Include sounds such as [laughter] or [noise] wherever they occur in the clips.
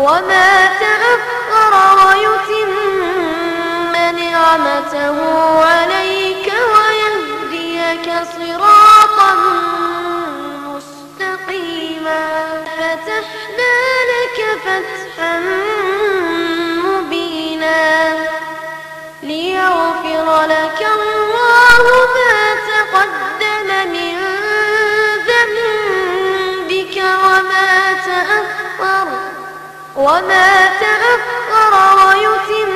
وما تأخر ويتم نعمته عليك ويهديك صراطا مستقيما فتحنا لك فتحا مبينا ليغفر لك الله ما تقدم من ذنبك وما تأخر وما تأخر ويتم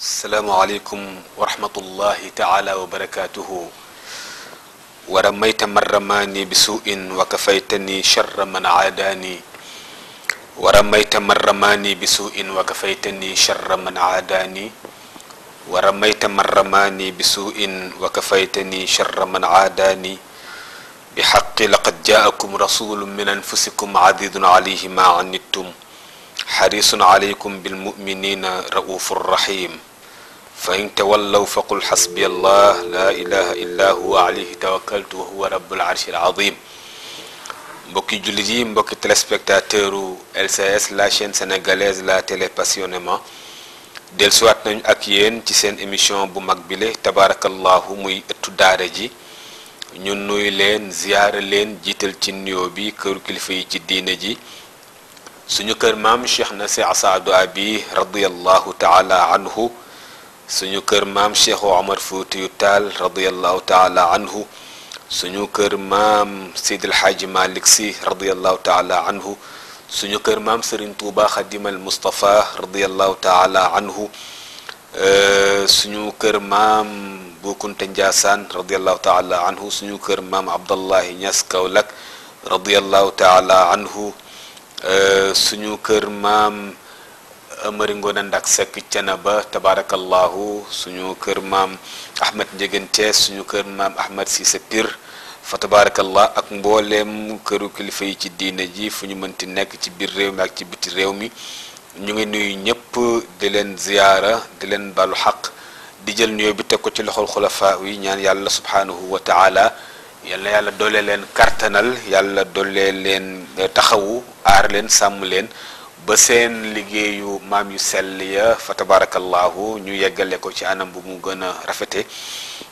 السلام عليكم ورحمة الله تعالى وبركاته ورميت من رماني بسوء وكفيتني شر من عاداني ورميت من رماني بسوء وكفيتني شر من عاداني ورميت من رماني بسوء وكفيتني شر من عاداني بحق لقد جاءكم رسول من أنفسكم عزيز عليه ما عنتم حريص عليكم بالمؤمنين رؤوف الرحيم فإن تولوا فقل حسبي الله لا إله إلا هو عليه توكلت وهو رب العرش العظيم بكي جولجي بكي تلسبكتاتور LCS لا شين سنغاليز لا تيلي باسيونيمون ديل سوات ناني اك يين سين ايميشن بو ماك تبارك الله موي اتو دارجي ñun nuy leen ziyaara leen jiital ci nuyoo bi këru kilifa yi ci diine ji suñu kër maam cheikh nasi asadu abi radiallahu taala anhu suñu kër maam cheikh omar fuutiyu taal radiallahu taala anhu suñu kër maam seydil xaaji malik si radiallahu taala anhu suñu kër maam touba khadim xadimal mustapha radiallahu taala anhu suñu kër maam bu kunte njaasaan radiallahu taala anhu suñu kër maam abdallahi ñas kaolack radiallahu taala anhu suñu kër maam amari ngoone ndak sekk cana ba tabarakallahu suñu kër maam ahmed njegante suñu kër maam ahmed siise pir fa tabarakallah ak mbooleem këru kilifa yi ci diine ji fu ñu mënti nekk ci biir réew mi ak ci biti réew mi ñu ngi nuyu ñëpp di leen ziyaara di leen balu xaq di jël nuyoo bi teg ko ci loxol xulafaa yi ñaan yàlla subhanahu wa taala yal na yàlla doole leen kartanal yàlla doole leen taxawu aar leen sàmm leen ba seen liggéeyu maam yu sell ya fa tabarakallahu ñu yeggale ko ci anam bu mu gën a rafete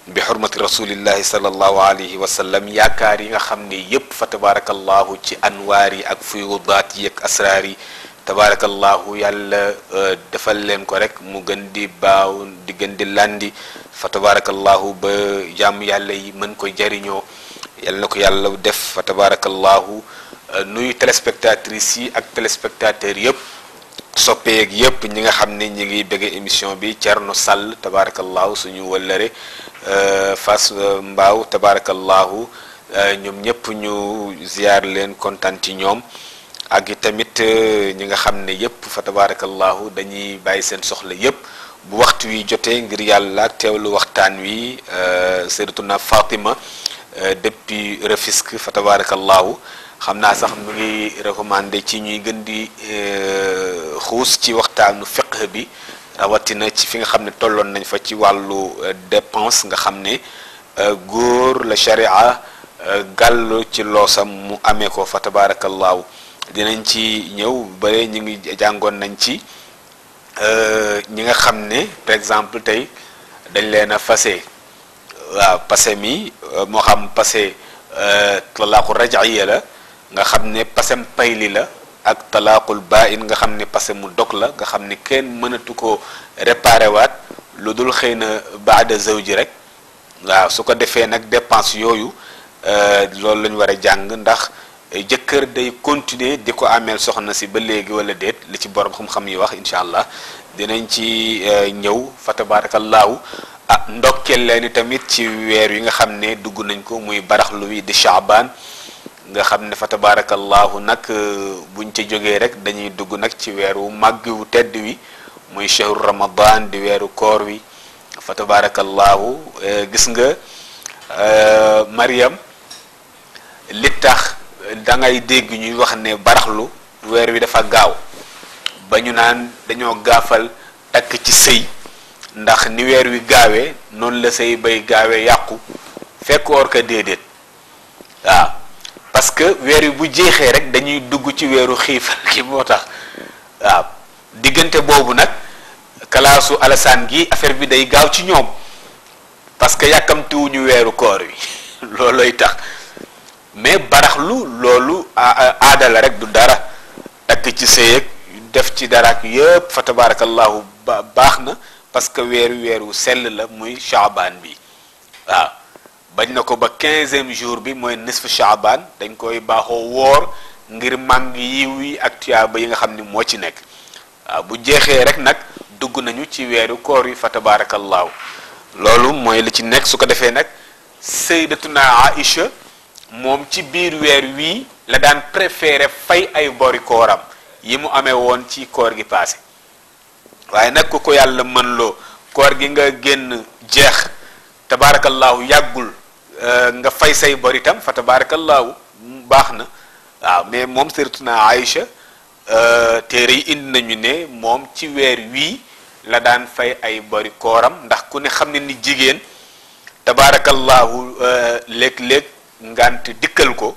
bi xurmati rasulillahi sallallahu alayhi wa sallam yaakaar yi nga xam ne yépp fa tabarakallahu ci anwaar yi ak fuyudaat yi ak asraar yi tabaarakallaahu yàlla euh, defal leen ko rek mu gën di baaw di gën di landi fa tabaarakallaahu ba jàmm yàlla yi mën ko jariñoo yàlla na ko yàlla def fa tabaarakallaahu euh, nuyu téléspectatrices yi ak téléspectateurs yëpp soppeeg yëpp ñi nga xam ne ñi ngi bëgg émission bi Thierno Sall tabaarakallaahu suñu wëllëre euh, fas Mbaaw tabaarakallaahu ñoom ñëpp ñu ziar leen kontaan ci ñoom ak i tamit euh, ñi nga xam ne yëpp fa tabarakallahu dañuy bàyyi seen soxla yëpp bu waxtu wi jotee ngir yàlla ak teewlu waxtaan wi euh, na Fatima euh, depuis Rufisque fa tabarakallahu xam naa sax mu ngi recommandé ci ñuy gën di xuus ci waxtaanu fiqh bi rawatina ci fi nga xam ne tolloon nañ fa ci wàllu dépense nga xam ne góor la sharia gàll ci loosam mu amee ko fa tabarakallahu dinañ ci ñëw bare ñu ngi jàngoon nañ ci euh, ñi nga xam ne par exemple tey dañ leen a fase waaw passé mi euh, moo xam passé euh, talaaqul rajaiya la nga xam ne pasem payli la ak talaaqul baa in nga xam ne passé mu dog la nga xam ne kenn mënatu ko réparé waat lu dul xëy na baada ji rek waaw su ko defee nag dépense yooyu loolu lañu ñu war a jàng ndax Eh, jëkkër day continuer di ko ameel soxna si ba léegi wala déet li ci borom xam-xam yi wax incha allah dinañ ci eh, ñëw fa tabaarakallaahu ah ndokkeel leen tamit ci weer wi nga xam ne dugg nañ ko muy baraxlu wi di Chaabaan nga xam ne fa tabaarakallaahu nag eh, buñ ca jógee rek dañuy dugg nag ci weer wu màgg wu tedd wi muy shahru Ramadan di weeru koor wi fa tabaarakallaahu gis nga Mariam li tax. da ngay dégg ñuy wax ne baraxlu weer wi dafa gaaw ba ñu naan dañoo gaafal takk ci sëy ndax ni weer wi gaawee noonu la sëy bay gaawee yàqu fekk or ka déedéet waaw parce que weer wi bu jeexee rek dañuy dugg ci weeru xiifal gi moo tax waaw diggante boobu nag kalaasu alasaan gi affaire bi day gaaw ci ñoom parce que yàkkamtiwuñu weeru koor wi [laughs] loolooy tax mais baraxlu loolu aada la rek du dara takk ci sëyeeg def ci daraak yëpp fa tabarakallahu baax na parce que weeru weeru sell la muy chaabaan bi waaw bañ na ko ba quinzième jour bi mooy nisfu chaabaan dañ koy baaxoo woor ngir màng yiw yi ak ba yi nga xam ni moo ci nekk waaw bu jeexee rek nag dugg nañu ci weeru koor yi fa tabarakallahu loolu mooy li ci nekk su ko defee nag à iche moom ci biir weer wii la daan préféré fay ay bori kooram yi mu amee woon ci koor gi paase waaye nag ku ko yàlla mën loo koor gi nga génn jeex tabaarakallaahu yàggul euh, nga fay say bor itam fa tabaarakallaahu baax na waaw mais moom Sayyidatuna Aïcha euh, téere yi indi nañu ne moom ci weer wii la daan fay ay bori kooram ndax ku ne xam ne ni jigéen tabaarakallaahu euh, léeg-léeg ngànt dikkal ko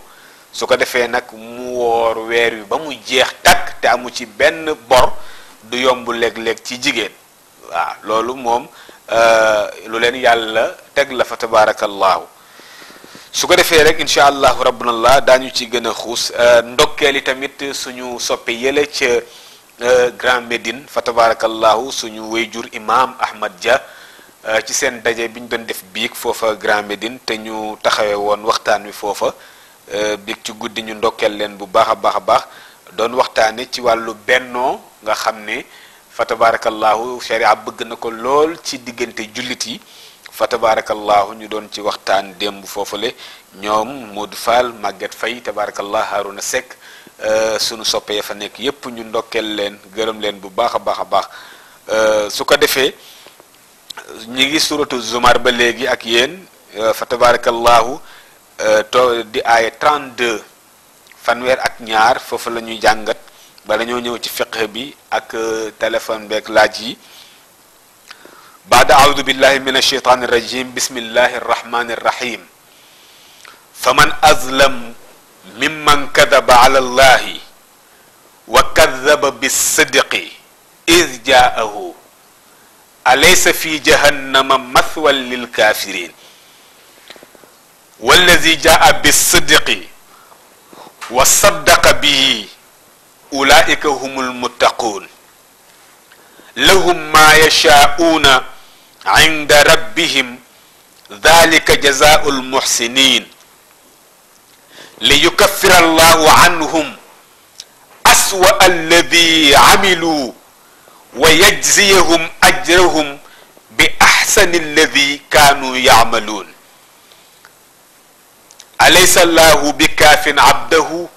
su ko defee nag mu woor weer wi ba mu jeex takk te amu ci benn bor du yomb léeg-léeg ci jigéen waaw loolu moom euh, lu leen yàlla teg la fa tabaarakallaahu su ko defee rek incha allahu rabbunallah daañu ci gën a xuus euh, ndokkeeli tamit suñu soppe yële ca euh, Grand Médine fa tabaarakallaahu suñu wéyjur imaam Ahmad Dia Euh, ci seen daje bi ñu doon def biig foofa Grand Médine te ñu taxawee woon waxtaan wi foofa euh, biig ci guddi ñu ndokkeel leen bu baax a baax a baax doon waxtaane ci wàllu bennoo nga xam ne fa tabaarakallaahu sharia bëgg na ko lool ci diggante jullit yi fa tabaarakallaahu ñu doon ci waxtaan démb foofale ñoom Modou Fall Maguette Faye tabaarakallaahu Harouna Seck euh, sunu soppe fa nekk yépp ñu ndokkeel leen gërëm leen bu baax a baax a baax su ko defee نيجي سورة الزمر بلغي أكين فتبارك الله دي آية 32 فنوير أك نيار ففلنو جانغت بلنو نيو تفقه بي أك تلفون بيك لاجي بعد أعوذ بالله من الشيطان الرجيم بسم الله الرحمن الرحيم فمن أظلم ممن كذب على الله وكذب بالصدق إذ جاءه أليس في جهنم مثوى للكافرين والذي جاء بالصدق وصدق به أولئك هم المتقون لهم ما يشاءون عند ربهم ذلك جزاء المحسنين ليكفر الله عنهم أسوأ الذي عملوا ويجزيهم أجرهم بأحسن الذي كانوا يعملون أليس الله بكاف عبده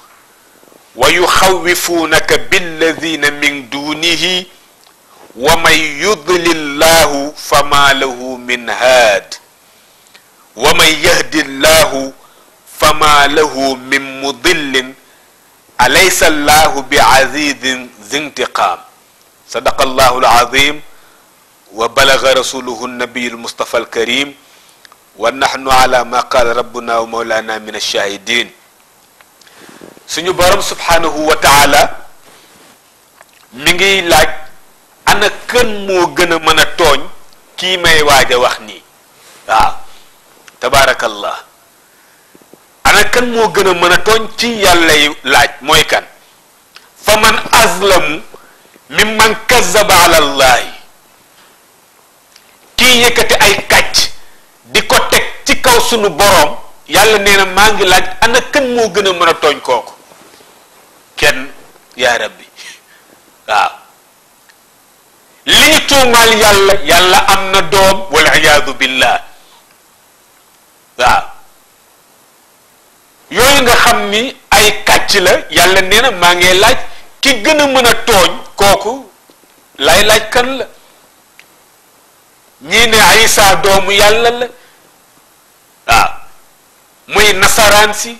ويخوفونك بالذين من دونه ومن يضل الله فما له من هاد ومن يهد الله فما له من مضل أليس الله بعزيز ذي انتقام صدق الله العظيم وبلغ رسوله النبي المصطفى الكريم ونحن على ما قال ربنا ومولانا من الشاهدين سنو برم سبحانه وتعالى ميغي لاج انا كن مو غنا مانا توñ ki may waja wax تبارك الله انا كن مو moo gën a mën a tooñ ci yàlla laaj min man kazaba ala llahi kii yëkkati ay kàcc di ko teg ci kaw sunu boroom yàlla nee maa ngi laaj ana kan moo gën a mën a tooñ kooku kenn yaa rabbi waaw li ñu tuumaal yàlla yàlla am na doom wal iyaadu billah waaw yooyu nga xam ni ay kàcc la yàlla nee maa ngi laaj ci gën a mën a tooñ kooku lay laaj kan la ñii ne Isa doomu yàlla la waaw muy nasaraan si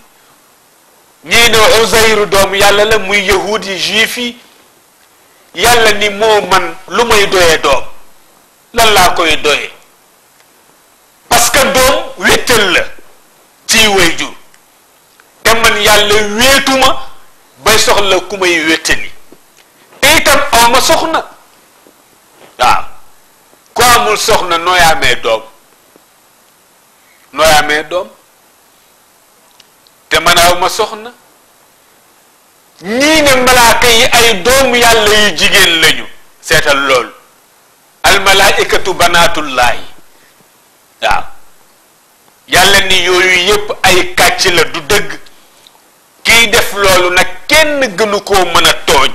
ñii ne Uzayru doomu yàlla la muy yahud yi juif yi yàlla ni moo man lu may doyee doom lan laa koy doyee parce que doom wéttal la ci wéyjur te man yàlla wéetuma bay soxla ku may wéttali te itam aw ma soxna waaw ku amul soxna nooy amee doom nooy amee doom te man aw ma soxna ñii ne malaaka yi ay doomu yàlla yu jigéen lañu seetal loolu almalaaikatu banaatullaahi waaw yàlla ni yooyu yépp ay kàcc la du dëgg kiy def loolu nag kenn gënu koo mën a tooñ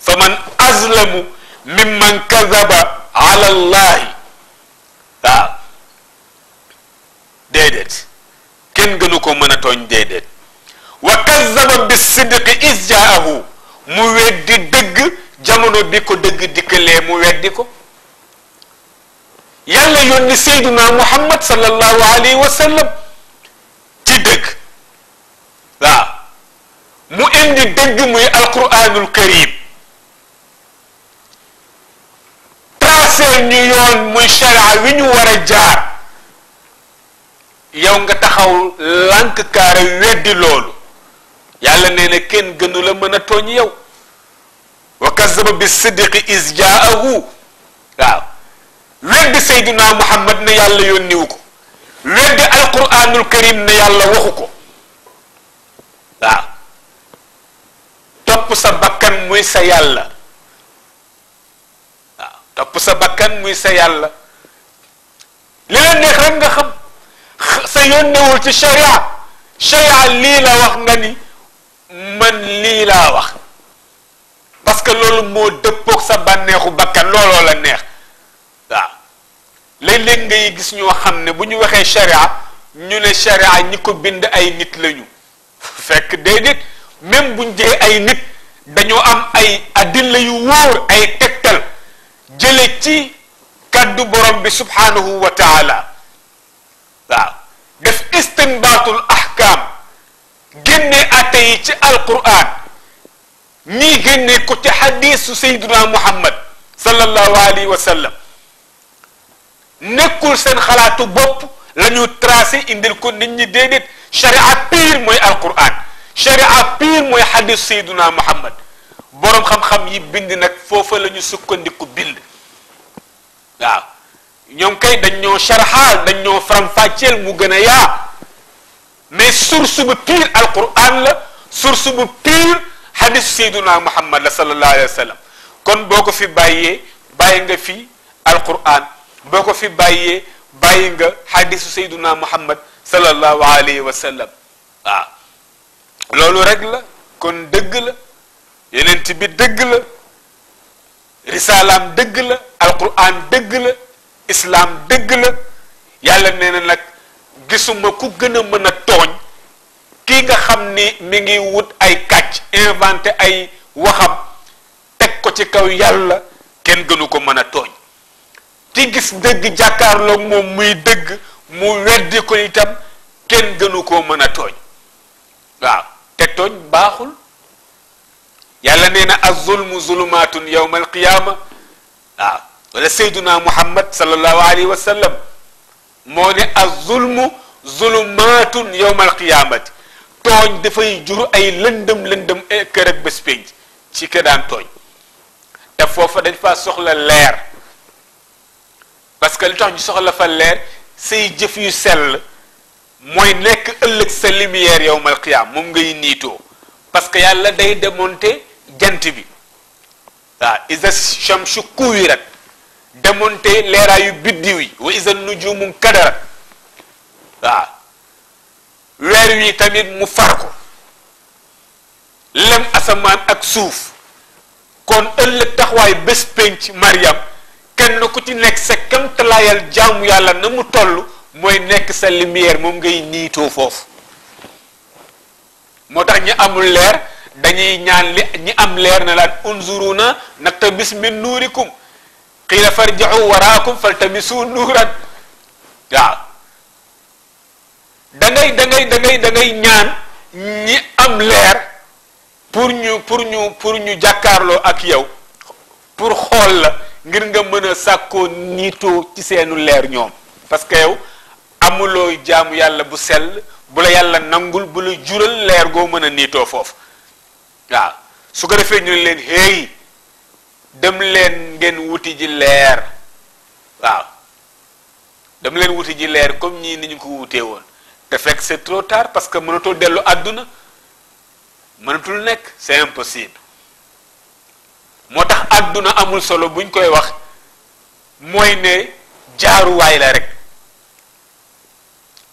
fa man azlamu mimman kazaba ala waaw déedéet kenn gënu ko mën a tooñ déedéet wa kazaba bi sidqi is jaahu mu weddi dëgg jamono bi ko dëgg dikkalee mu weddi ko yàlla yónni sayduna muhammad sallallahu alayhi wa ci dëgg waaw mu indi dëgg muy alquranul karim tracé ñu yoon muy sharia wi ñu war a jaar yow nga taxaw lànk kaare weddi loolu yàlla nee na kenn gënu la mën a tooñ yow wa kazaba bi sidqi is jaahu waaw weddi sayduna muhammad ne yàlla yónniwu ko weddi alquranul karim ne yàlla waxu ko waaw topp sa bakkan muy sa yàlla waaw topp sa bakkan muy sa yàlla li la neex rek nga xam sa yónnewul ci sharia sharia lii la wax nga ni man lii laa wax parce que loolu moo dëppoog sa bànneexu bakkan looloo la neex waaw léeg-léeg ngay gis ñoo xam ne bu ñu waxee sharia ñu ne sharia ñi ko bind ay nit lañu fekk déedéet même buñ jëlee ay nit dañoo am ay addilla yu wóor ay tegtal jële ci kàddu borom bi subhanahu wa taala waaw def istinbaatul ahkaam génne atte yi ci alquran ñii génne ko ci xadisu sayduna muhammad sallallahu alayhi wa sallam nekkul seen xalaatu bopp lañu ñu indil ko nit ñi déedéet charia pire mooy alquran شريعه بير موي حديث سيدنا محمد بروم خم خم يي بند نك فوفا لا ني سكانديكو بيل واو نيوم كاي دانيو شرحال دانيو فرام فاتيل مو مي سورس بو بير القران لا سورس بو حديث سيدنا محمد صلى الله عليه وسلم كون بوكو في بايي باي nga في القران بوكو في بايي باي nga حديث سيدنا محمد صلى الله عليه وسلم loolu rekk la kon dëgg la yenent bi dëgg la risaalaam dëgg la alquran dëgg la islaam dëgg la yàlla nee na nag gisuma ku gën a mën a tooñ kii nga xam ni mi ngi wut ay kàcc inventé ay waxam teg ko ci kaw yàlla kenn gënu ko mën a tooñ ki gis dëgg jàkkaarloog moom muy dëgg mu weddi ko itam kenn gënu ko mën a tooñ waaw te tooñ baaxul yàlla nee na azulmu zulumaatun yowma alqiyaama waaw wala sayduna muhammad sallallahu alayhi wa sallam moo ne azulmu zulumatun yowma alqiyaamati tooñ dafay jur ay lëndëm lëndëm kër ak bés pénc ci ke daan tooñ te foofa dañ fa soxla leer parce que li tax ñu soxla fa leer say jëf yu sell mooy nekk ëllëg sa lumière yow mal xiyaam moom ngay niitoo parce que yàlla day démonter jant bi waaw isa shamsu kuwirat démonter leeraayu biddiw yi wa isa nujumu kadarat waaw weer wi tamit mu far ko lem asamaan ak suuf kon ëllëg taxawaay bés pénc mariyam kenn ku ci nekk sa kamtalaayal jaamu yàlla na mu toll mooy nekk sa lumière moom ngay niitoo foofu moo tax ñi amul leer dañuy ñaan li ñi am leer na laat unzuruna naktabis min nuurikum qiila farji'u waraakum faltamisu nuuran waaw da ngay da ngay da ngay da ngay ñaan ñi am leer pour ñu pour ñu pour ñu jàkkaarloo ak yow pour xool la ngir nga mën a sàkkoo niitoo ci seenu leer ñoom parce yow amuloo jaamu yàlla bu sell bu la yàlla nangul bula la jural leer goo mën a niitoo foofu waaw su ko defee ñu leen hey dem leen ngeen wuti ji leer waaw dem leen wuti ji leer comme ñii ni ñu ko wutee woon te fekk c'est trop tard parce que mënatoo dellu àdduna mënatul nekk c'est impossible moo tax àdduna amul solo buñ koy wax mooy ne jaaruwaay la rek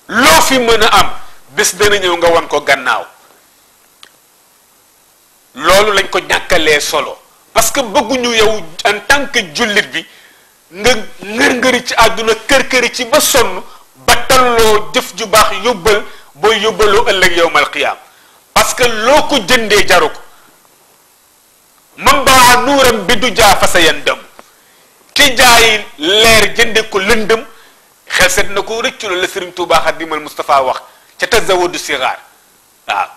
loo fi mën a am bés dana ñëw nga wan ko gannaaw loolu lañ ko ñàkkalee solo parce que bëgguñu yow en tant que jullit bi nga ngër-ngëri ci àdduna kër-këri ci ba sonn ba talloo jëf ju baax yóbbal booy yóbbaloo ëllëg yowmal qiyaam parce que loo ko jëndee jaru ko man baa nuuram bi du jaa fasa yan dem ki jaayi leer jënde ko lëndëm خل سد نكو رتش ولا سرم توبا خديم المصطفى وقت تتزود الصغار آه.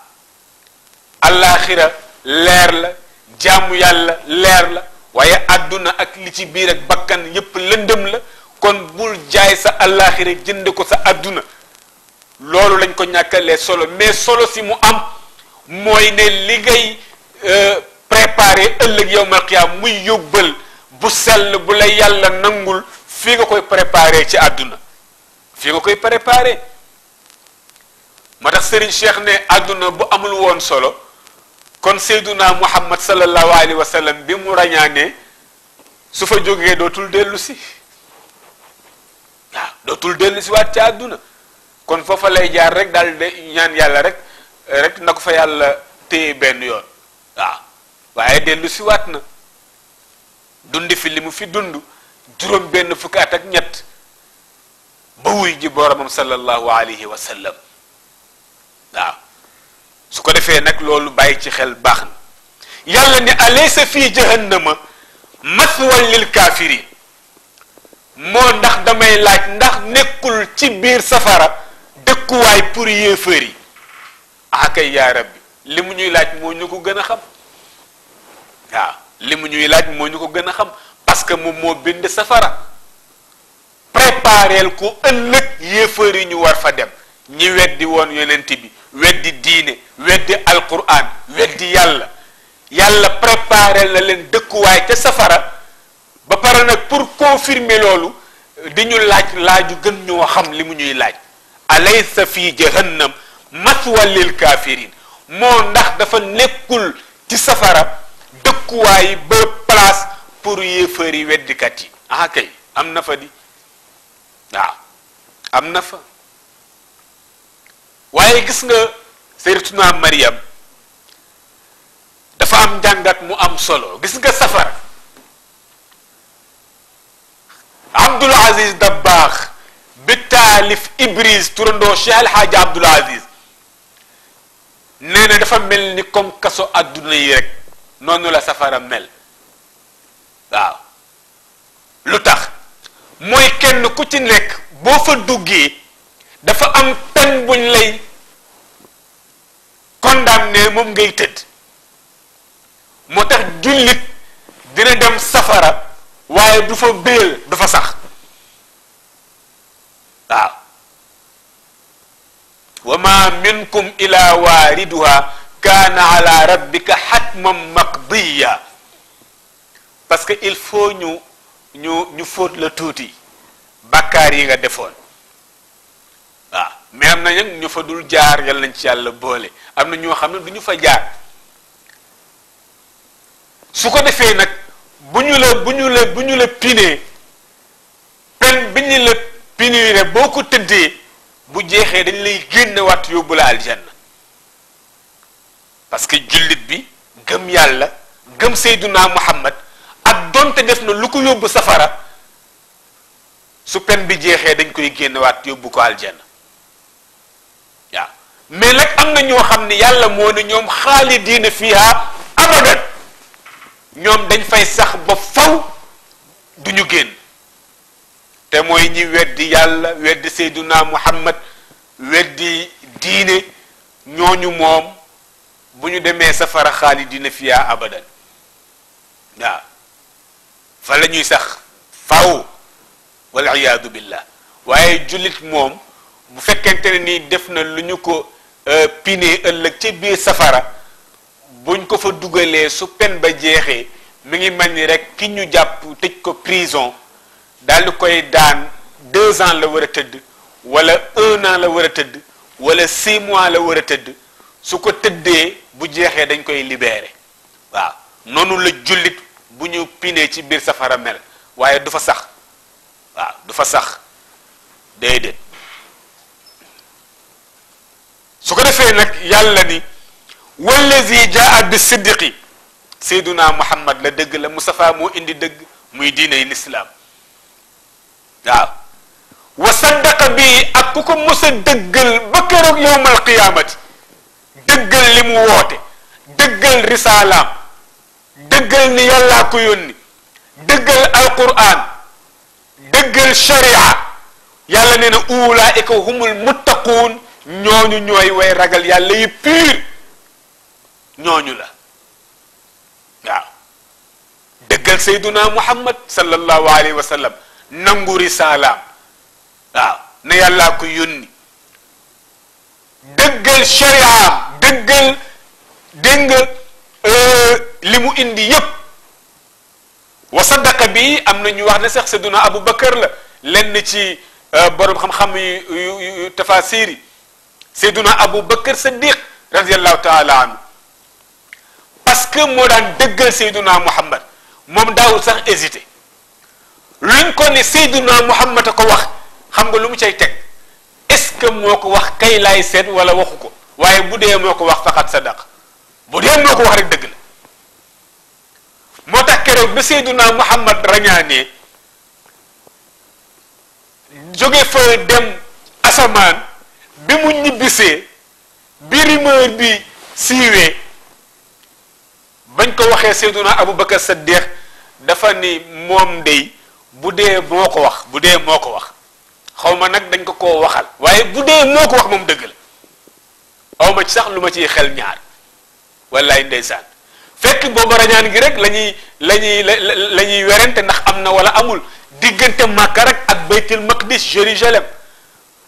الآخرة لير لا جام يال لير لا ويا أدنى أكل تبيرك بكن يب لندم لا كون بول جاي سا الآخرة جند كوسا أدنى لولو لن كون ياكل لي سولو مي سولو سي مو أم موي ني ليغي بريباري ألق يوم القيامة مي يوبل بو سل بو لا يالا نانغول fii nga koy préparé ci àdduna fii nga koy préparé moo tax Serigne Cheikh ne àdduna bu amul woon solo kon naa Muhammad sallallahu alayhi wa sallam bi mu rañaanee su fa jógee dootul dellusi waaw dootul dellu si waat ci àdduna kon foofa lay jaar rek daal de ñaan yàlla rek rek na ko fa yàlla téye benn yoon waaw waaye dellu si waat na dundi fi li mu fi dund juróom benn fukki ak ñett ba wuy ji boromam sallallahu alayhi wa sallam waaw su ko defee nag loolu bàyyi ci xel baax na yàlla ne alaysa fi jahannama mathwal lil kaafirin moo ndax damay laaj ndax nekkul ci biir safara dëkkuwaay pour yéefar yi akay ah, yaa rabbi li mu ñuy laaj moo ñu ko gën a xam waaw li mu ñuy laaj moo ñu ko gën a xam parce que moom moo bind safara prépareel ko ëllëg yéefar yi ñu war fa dem ñi weddi woon yonent bi weddi diine weddi alquran weddi yàlla yàlla prépareel na leen dëkkuwaay ca safara ba pare nag pour confirmer loolu di ñu laaj laaju gën ñoo xam li mu ñuy laaj alaysa fi jahannam maswa kaafiriin moo ndax dafa nekkul ci safara dëkkuwaay ba place pour yéefar yi weddikat yi ah kay am na fa di waaw am na fa waye gis nga sayyidatuna Maryam dafa am jangat mu am solo gis nga safar Abdul Aziz Dabbaax bitalif Ibris turando Cheikh al Hadj Abdul Aziz nee dafa melni comme kasso aduna yi rek nonu la safara mel waaw lu tax mooy kenn ku ci nekk boo fa duggee dafa am peine buñ lay condamné moom ngay tëdd moo tax jullit dina dem safara waaye du fa béel du fa sax waaw wa ma minkum ila waariduha kaana ala rabbika xatman maqdiya parce que il faut ñu ñu ñu fóot la tuuti bàkkaar yi nga defoon waaw mais am na nag ñu fa dul jaar yal nañ ci yàlla boole am na ñoo xam ne du ñu fa jaar su ko defee nag bu ñu la bu ñu la bu ñu la pine pen bi ñu la pinee boo ko tëddee bu jeexee dañ lay génne waat yóbbu la aljanna parce que jullit bi gëm yàlla gëm seyduna muhammad donte def na lu ko yóbbu safara su pen bi jeexee dañ koy génnewaat yóbbu ko aljana waaw mais nag am na ñoo xam ne yàlla moo ne ñoom xaalidiina fiha abadan ñoom dañ fay sax ba faw duñu génn te mooy ñi weddi yàlla weddi seyduna muhammad weddi diine ñooñu moom bu ñu demee safara xaalidiina fiha abadan waaw فلاني سخ فاو والعياذ بالله واي جوليت موم بو فكانتني ني ديفنا لونيكو بيني ألك تي بي سفارا بون كو فا دوغالي سو بن با جيخي ميغي ماني رك كي ني جاب تيج كو بريزون دال كوي دان 2 ans لا ورا تد ولا 1 ans لا ورا تد ولا 6 mois لا ورا تد سو كو تدي بو جيخي دنج كوي ليبيري واو نونو لا جوليت bu ñu pinee ci biir safara mel waaye du fa sax waaw du fa sax déedéet su ko defee nag yàlla ni wallazi jaa bi siddiqi seyduna muhammad la dëgg la Mustafa moo indi dëgg muy diiney lislaam waaw wa saddaqa bi ak ku ko mos dëggal ba keroog yowmal qiyaamati dëggal li mu woote dëggal risaalaam dëggal ni yàllaa ko yónni dëggal alquran dëggal sharia yàlla nee na ulaika humul muttaquun ñooñu ñooy way ragal yàlla yi pur ñooñu la waaw dëggal sayduna muhammad sallallahu alayhi wa sallam nangu risaalaam waaw ne yàllaa ko yónni dëggal shariaam dëggal dégg nga euh, limu indi yëpp wa saddaqa bi amna ñu wax ne cheikh seyduna abou bakkar la len ci borom xam-xam yu tafasir yi seyduna abu bakar saddiq taala anhu parce que mo daan deugal seyduna muhammad mom daawul sax hésiter luñ ko ni seyduna muhammad ko wax xam nga lu mu cey tek est-ce que moko wax kay lay set wala waxuko waye budé moko wax faqat sadaq budé moko wax rek dëgg moo tax keroog bi Seyduna Muhammad rañaanee jóge fa dem asamaan bi mu ñibbisee bi rumeur bi siiwee bañ ko waxee Seyduna Abubakar Saddeex dafa ni moom day bu dee moo ko wax bu dee moo ko wax xaw ma nag dañ ko ko waxal waaye bu dee moo ko wax moom dëgg la aw ma ci sax lu ma ciy xel ñaar wallaay ndeysaan fekk booba rañaan gi rek lañuy ñuy la ñuy werante ndax am na wala amul diggante Makka rek ak baytul maqdis Jérusalem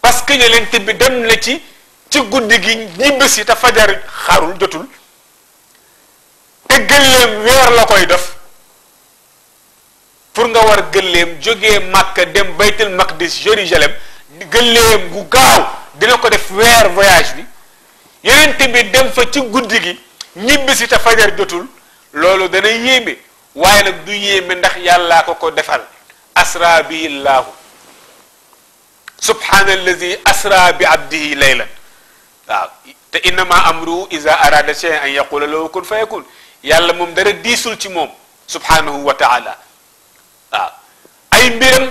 parce que yonent bi dem na ci ci guddi gi ñibbisi te fajar xarul jotul te gëlleem weer la koy def pour nga war gëlleem jógee Makka dem baytul maqdis Jérusalem gëlleem gu gaaw dina ko def weer voyage bi yeneen bi dem fa ci guddi gi ñibbisi te fajar jotul loolu dana yéeme waaye nag du yéeme ndax yàllaa ko ko defal asra bi llaahu subhaana allazi bi abdihi laylan waaw te innama amruhu iza arada shay'an an yaqula lahu kun fayakun yàlla moom dara diisul ci moom subhaanahu wa taala waaw ay mbiram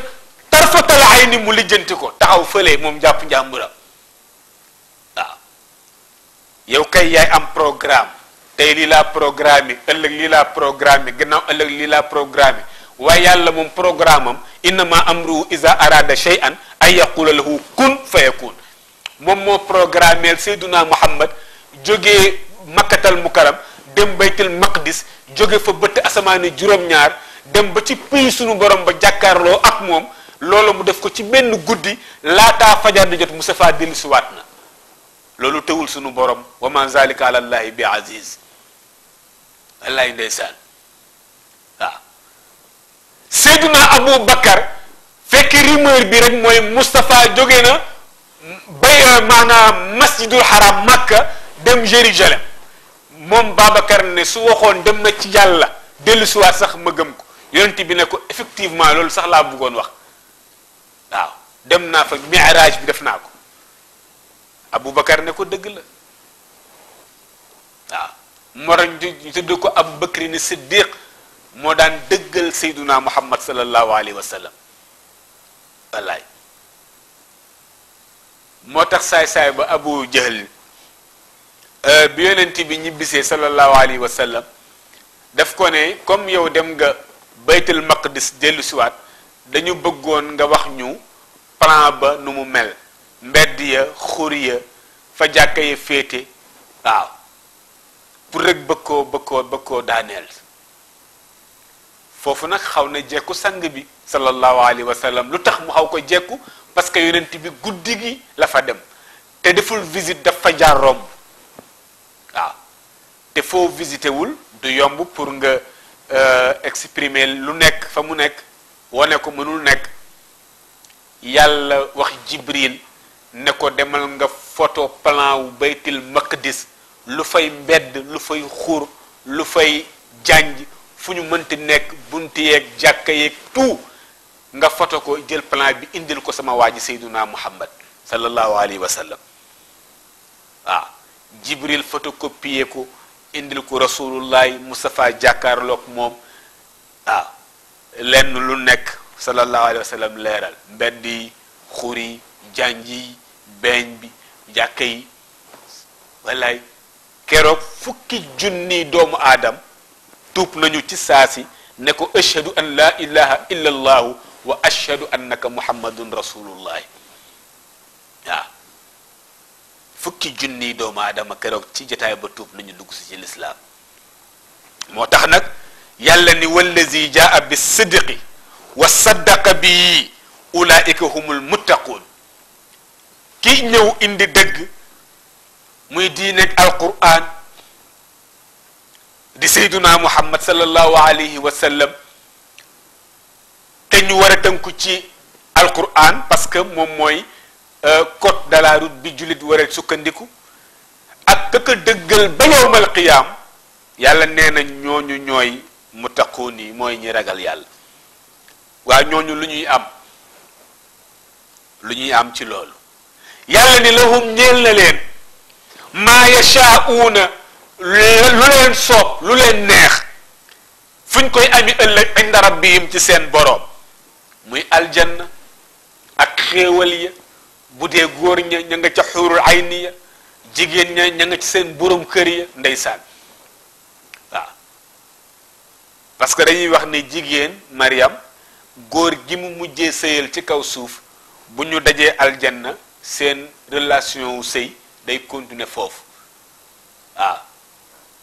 tarfatal ayni mu lijjanti ko taxaw fële moom jàpp njàmburam waaw yow kay yaay am programme tey lii laa programme ëllëg lii laa programme gannaaw ëllëg lii laa programme waaye yàlla moom programme am innama amruhu iza arada shay'an an yaqula lahu kun fayakun moom moo programmeel Seyduna Muhammad jógee makkatal mukaram dem baytul maqdis jóge fa bëtt asamaani juróom-ñaar dem ba ci pays sunu borom ba jàkkaarloo ak moom loolu mu def ko ci benn guddi laataa fajar di jot Mustafaa dellusiwaat na loolu tewul sunu borom wa ma zalika ala llahi bi aziz wallaay ndeysaan waaw Seyduna Abu Bakar fekk rumeur bi rek mooy Moustapha jóge na bay euh, maanaam masjidul haram Makka dem Jérusalem moom Babacar ne su waxoon dem na ci la dellusiwaat sax ma gëm ko yonent bi ne ko effectivement loolu sax laa bëggoon wax waaw dem naa fa mi'raaj bi def naa ko Aboubacar ne ko dëgg la waaw moo tax ñu tudd ko ab Bakri Siddiq moo daan dëggal sayduna Muhammad sallallahu alayhi wa sallam wallaay moo tax saay-saay ba Abu Jahl euh, bi yonent bi ñibbisee sallallahu alayhi wa daf ko ne comme yow dem nga baytul maqdis dellu dañu bëggoon nga wax ñu plan ba nu mu mel mbedd ya xur ya fa jàkka ya féete waaw pour rek bëgg koo bëgg koo bëgg koo daaneel foofu nag xaw na jekku sang bi sallallahu alayhi wa lu tax mu xaw ko jekku parce que yonent bi guddi gi la fa dem te deful visite dafa jaar romb waaw te foo visité wul du yomb pour nga euh, exprimer lu nekk fa mu nekk wane ko mënul nekk yàlla wax jibril ne ko demal nga foto plan wu baytil maqdis lu fay mbedd lu fay xur lu fay jànj fu ñu mënti nekk bunti yeeg jàkka yeeg tout nga foto ko jël plan bi indil ko sama waa ji sayduna muhammad sallallahu alayhi wa sallam jibril photocopie indil ko rasulullahi moustapha jàkkaarloog moom waaw lenn lu nekk sallallahu alayhi wa leeral mbedd yi xur yi jànj yi beeñ bi jàkka yi wallaay keroog fukki junni doomu adam tuub nañu ci saasi ne ko ashhadu an laa ilaha illa allahu wa ashhadu annaka muhammadun rasulullah waaw fukki junni doomu adam keroog ci jataay ba tuub nañu dugg si ci lislaam moo tax nag yàlla ni wallazi jaa bi sidqi wa saddaqa bi ulaika humul muttaquun ki ñëw indi dëgg muy diineeg alquran di sayduna muhammad sallallahu alayhi wa sallam te ñu war a tënku ci alquran parce que moom mooy euh, code de la route bi jullit war sukkandiku ak kaka dëggal ba yowmal qiyaam yàlla nee na ñooñu ñooy muttaquun yi mooy ñi ragal yàlla waa ñooñu lu ñuy am lu ñuy am ci loolu yàlla ni lahum ñeel na leen maa yashaauna lu leen soob lu leen neex fu ñu koy ami ëllëg inda rabbihim ci seen boroom muy aljanna ak xéewal ya bu dee góor ña ña nga ca xuurul ayni ya jigéen ña ña nga ci seen boroom kër ya ndeysaan waaw parce que dañuy wax ni jigéen Mariam góor gi mu mujjee sëyal ci kaw suuf bu ñu dajee aljanna seen relation wu sëy day continuer foofu ah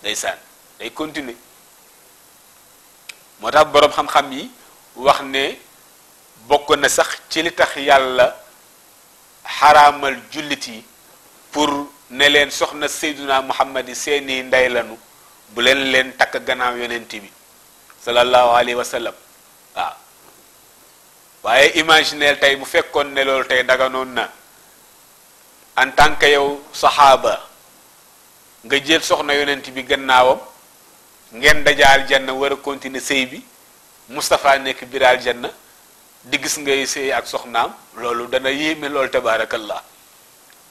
ndeysaan day continuer moo tax boroom xam-xam yi wax ne bokk na sax ci li tax yàlla xaraamal jullit yi pour ne leen soxna seyduna muhammad yi seeni ndey lanu bu leen leen takk gannaaw yonent bi sallallahu alayhi wa sallam waaw waaye imaginer tey bu fekkoon ne loolu tey daganoon na en tant que yow saxaaba nga jël soxna yonent bi gannaawam ngeen dajaal janna war a continuer sëy bi Moustapha nekk biir aljanna di gis ngay sëy ak soxnaam loolu dana yéeme loolu tabaarakallah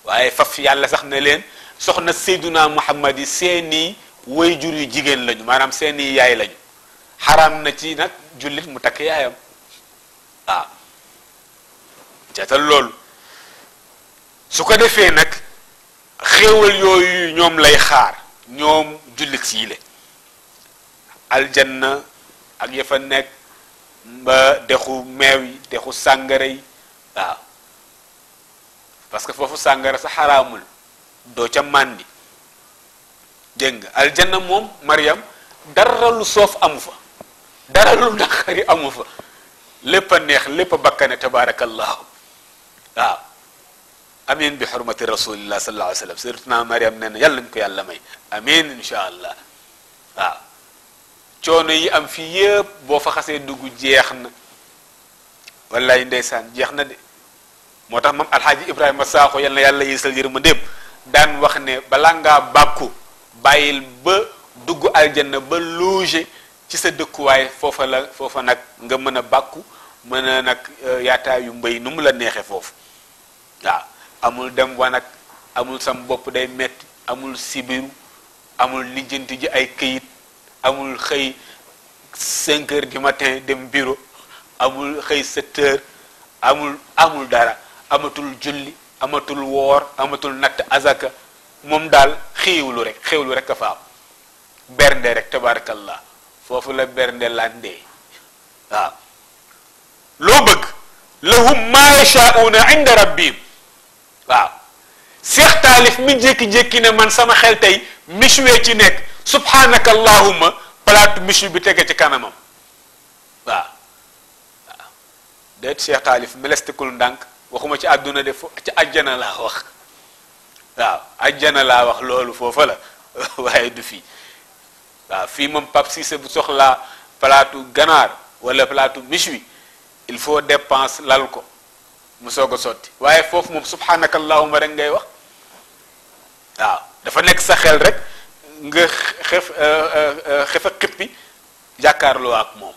waaye faf yàlla sax ne leen soxna Seyduna Muhammad yi seeni wayjur yu jigéen lañu maanaam seeni yaay lañu xaraam na ci nag jullit mu takk yaayam waaw ah. jatal loolu su ko defee nag xéewal yooyu ñoom lay xaar ñoom jullit yi le aljanna ak yëfa nekk mba dexu meew yi dexu sàngara yi waaw parce foofu sàngara sa xaraamul doo ca màndi dégg nga aljanna moom Mariam dara lu soof amu fa dara lu naqari amu fa lépp a neex lépp a bakkane tabaarakallaahu waaw امين بحرمه رسول الله صلى الله عليه وسلم سيرتنا مريم نن يلنكو يلمي امين ان شاء الله اه چوني ام في ييب بو فخاسي دوغو جيخنا والله ندسان جيخنا دي موتاخ مام الحاج ابراهيم مساخو يلنا يالا ييسل يرم ديب دان واخني بلانغا باكو بايل ب دوغو الجنه ب لوجي ci sa dëkkuwaay foofa la foofa nag nga mën a bàkku mën a nag yaataayu mbay nu mu la neexee foofu waaw amul dem wanak amul sam bop day metti amul sibiru amul lijeenti ji ay keuyit amul xëy 5 h du matin dem bureau amul xëy 7 h amul amul dara amatul julli amatul wor amatul nat azaka mom dal xiiwlu rek xiiwlu rek a fa bernde rek tabarakallah fofu la bernde lande wa lo beug lahum ma yasha'una inda rabbihim waaw seex taalif mi jékki-jékki ne man sama xel tey michwee ci nekk subhanaka allahumma palaatu michu bi tege ci kanamam waaw waaw déet seex taalif melestikul ndànk waxuma ci àdduna de fo ci àjjana laa wax waaw àjjana laa wax loolu foofa la waaye du fii waaw fii moom Pape Cissé bu soxlaa palaatu ganaar wala palaatu michu il faut dépense lal ko mu soog a sotti waaye foofu moom subhanaka allahuma rek ngay wax waaw dafa nekk sa xel rek nga xef euh, euh, euh, xef a xippi jàkkaarloo ak moom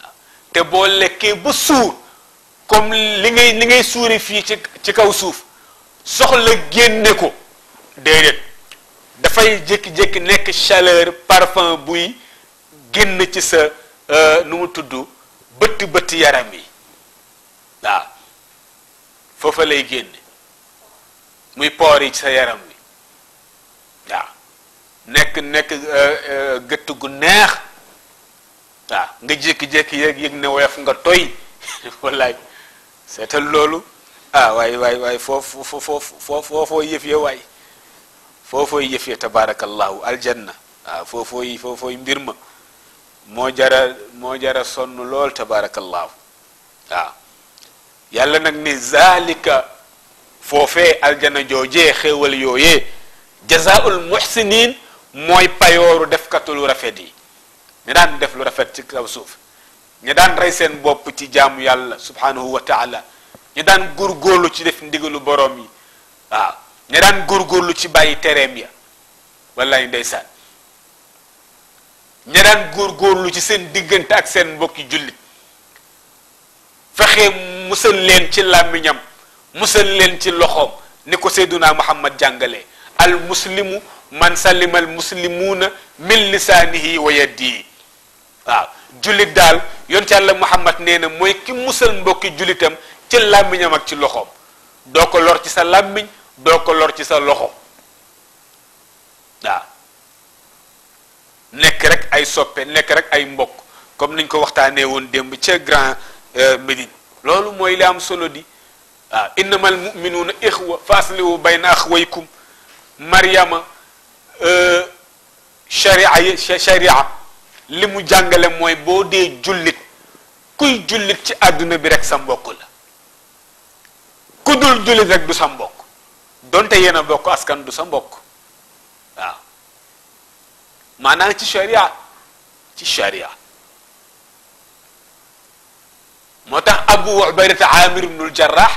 waaw te boo lekkee ba suur comme li ngay li ngay suuri fii ci ci kaw suuf soxla génne ko déedéet dafay jékki-jékki nekk chaleur parfum buy génn ci sa nu mu tudd bëtt bëtt yaram yi waaw foofa lay génne muy poor yi ci sa yaram wi waaw nekk nekk euh, euh, gëtt gu neex waaw nga jékki-jékki yëg yëg ne woyof nga toy [laughs] wallaay seetal loolu ah waay waay waay foofu foofu foofoo yëf ya waay foofooy yëf ya tabaarakallahu aljanna waaw ah, foofooy foofooy mbir ma moo jara moo jara sonn lool tabaarakallahu waaw ah. yàlla nag ni zalika foofee aljana joojee xéewal yooyee jazaul muhsinin mooy payooru defkatu lu rafet yi ñu daan def lu rafet ci kaw suuf ñu daan rey seen bopp ci jaamu yàlla subhanahu wa taala ñu daan góor góorlu ci def ndigalu boroom yi waaw ñu daan góorgóorlu ci bàyyi tereem ya wallaay ndeysaan ñu daan góorgóorlu ci seen diggante ak seen mbokki jullit fexe musal leen ci làmmiñam musal leen ci loxoom ni ko seyduna muhammad jàngale al muslimu man salima al muslimuuna min lisaanihi wa yadihi waaw jullit daal yoon ci yàlla muhammad nee na mooy ki musal mbokki jullitam ci làmmiñam ak ci loxoom doo ko lor ci sa làmmiñ doo ko lor ci sa loxo waaw nekk rek ay soppe nekk rek ay mbokk comme niñ ko waxtaanee woon démb ca Grand euh, Médine loolu mooy li am solo di waaw innamal mu'minuna ikhwa faslihu bayna akhwaykum maryama sharia sharia li mu jàngale mooy boo dee jullit kuy jullit ci àdduna bi rek sa mbokk la ku dul jullit rek du sa mbokk donte yéen a bokk askan du sa mbokk waaw maanaam ci sharia ci sharia moo tax abu ubaydata amir ibnul jarraax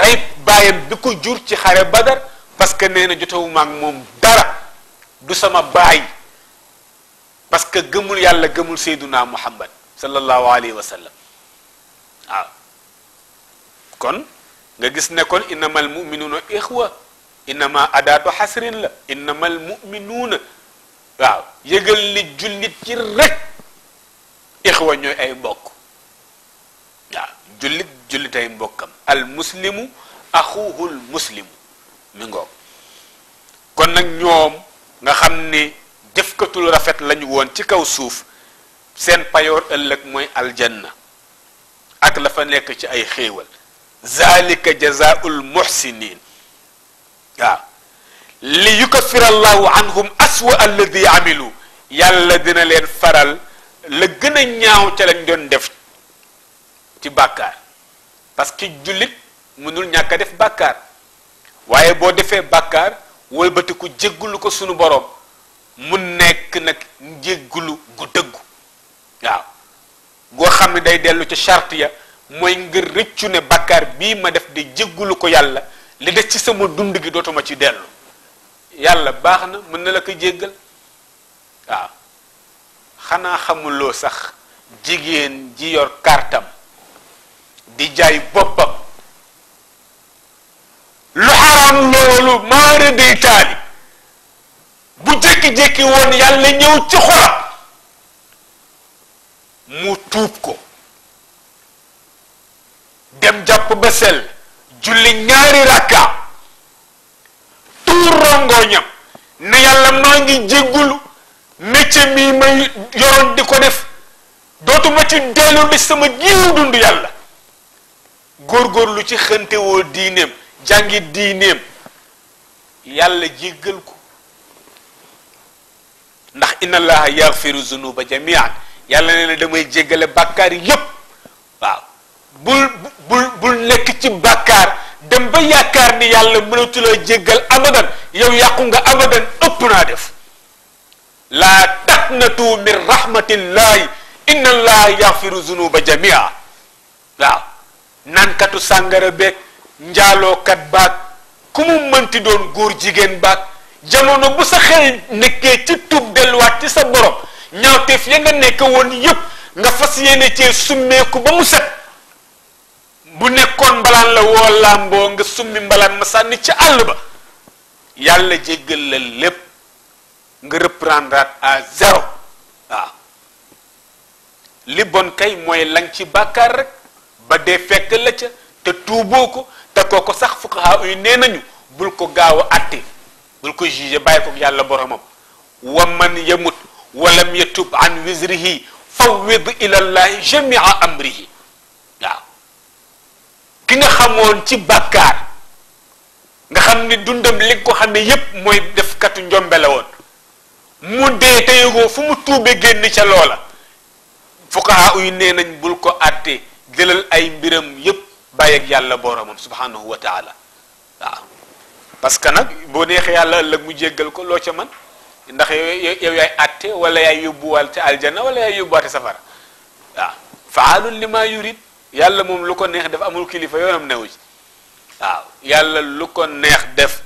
rey bàyyam bi ko jur ci xare badar parce que nee na jotewuma ak moom dara du sama baay parce que gëmul yàlla gëmul sayduna muhammad sallallahu alayhi wa sallam waaw kon nga gis ne kon innamal muminuuna ixwa innama adaatu hasrin la innamal muminuuna waaw yëgal li jullit ci rek ixwa ñooy ay mbokk جلد جلد أي مبكم المسلم أخوه المسلم منكم كنا نيوم نخمني دفكة الرفت لنجوان تكاو سوف سن بايور ألك موي الجنة أكلفنك أي خيول ذلك جزاء المحسنين يا ليكفر الله عنهم أسوأ الذي عملوا يالا دينا لين فرال لغنا نياو تلن دون دفت ci bàkkaar parce que jullit mënul ñàkk def bàkkaar waaye boo defee bàkkaar wëlbatiku jéggulu ko sunu boroom mu nekk nag jéggulu gu dëggu waaw goo xam ne day dellu ci charte ya mooy ngir rëccu ne bàkkaar bii ma def di jéggulu ko yàlla li des ci sama dund gi dootuma ci dellu yàlla baax na mën na la ko jéggal waaw xanaa xamuloo sax jigéen ji yor kartam di jaay boppam lu xaram loolu maara day taali bu jékki-jékki woon yàlla ñëw ci xolam mu tuub ko dem jàpp ba sell julli ñaari rakka tuur rongooñam ne yàlla maa ngi jéggulu métier mii may yoroon di ko def dootuma ci dellu di sama giiw dund yàlla lu ci wo diinem jàngi diinem yàlla jéggal ko ndax inna allaha yaghfiru dhunuba jamian yàlla neena damay jéggale bakkar yépp waaw bul bul bul nek ci bakkar dem ba yakkar ni yàlla mënatuloo jéggal abadan yow yaqku nga abadan upp na def la taqnatu min rahmatillahi inna allaha yaghfiru dhunuba jamia waaw naankatu sàngara beeg njaalookat baag ku mu mënti doon góor jigéen baag jamono bu sa xel nekkee ci tuub delluwaat ci sa borom ñaawteef ya nga nekk woon yépp nga fas yéene cee summeeku ba mu set bu nekkoon mbalaan la woo làmboo nga summi mbalaan ma sànni ci àll ba yàlla jéggal la lépp nga reprendre à zéro waaw li bon kay mooy lañ ci bàkkaar rek ba dee fekk la ca te tuuboo ko te kooko sax fuqahaa yi nee nañu bul ko gaaw a àtte bul ko jugé bàyyi ko yàlla boromam wa man yamut walam yatub an wisrihi fawwid ilallahi jamia amrihi waaw ki nga xamoon ci bàkkaar nga xam ni dundam li ko xam ne yépp mooy defkatu katu njombe la woon mu dee te yëgoo fu mu tuube génn ca loola fuqahaa yi nee nañ bul ko àtte jëlal ay mbiram yépp bàyyeeg yàlla boromam subhanahu wa taala waaw parce que nag boo neexee yàlla ëllëg mu jéggal ko loo ca man ndax yow yaay àtte wala yaay yóbbuwaate aljanna wala yaay yóbbuwaate safara waaw faalun li ma yurid yàlla moom lu ko neex def amul kilifa yoonam newu ci waaw yàlla lu ko neex def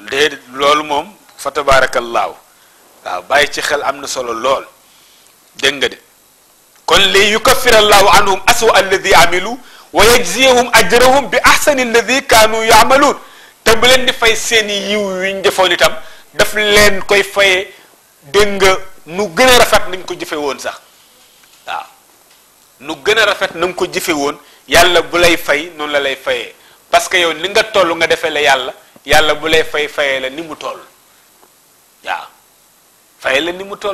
déedéet loolu moom fa tabaarakallaahu waaw bàyyi ci xel am na solo lool dégg nga de kon li yukaffira allahu anhum aswa alladi amilu wa yajziyahum ajrahum bi ahsani alladi kaanu yaamaluun te bu leen di fay seeni yiw yu ñu defoon itam daf leen koy fayee dégg nga nu gën a rafet nañ ko jëfe woon sax nu gën a rafet na nga ko jëfe woon yàlla bu lay fay noonu la lay fayee parce que yow ni nga toll nga defee la yàlla yàlla bu lay fay fayee la ni mu toll waaw fayee la ni mu day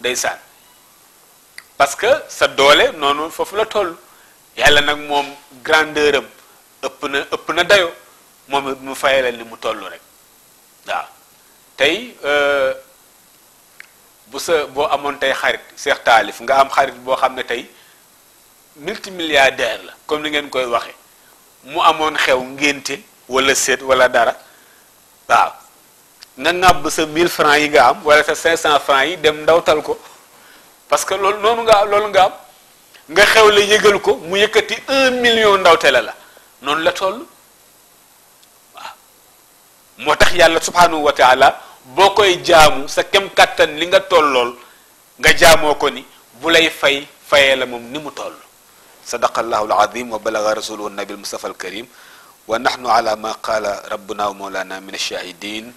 ndeysaan parce que sa doole nonu fofu la toll yàlla nak mom grandeur am ëpp na ëpp na dayo mom mu fayalal ni mu tollu rek wa tay euh bu sa bo amone tay xarit Cheikh talif nga am xarit bo xamne tay multimilliardaire la comme ni ngeen koy waxe mu amone xew ngénte wala set wala dara wa nga nab sa 1000 francs yi nga am wala sa 500 francs yi dem ndawtal ko parce que lolou noonu nga lolou nga am nga xew la yëgal ko mu yekati 1 million ndawte la la noonu la toll waaw moo yàlla subhanahu wa taala bokoy jaamu sa kem katan li nga tollol nga jaamoo ko ni bu lay fay fayela mom ni mu toll صدق الله العظيم وبلغ رسوله النبي المصطفى الكريم ونحن على ما قال ربنا ومولانا من الشاهدين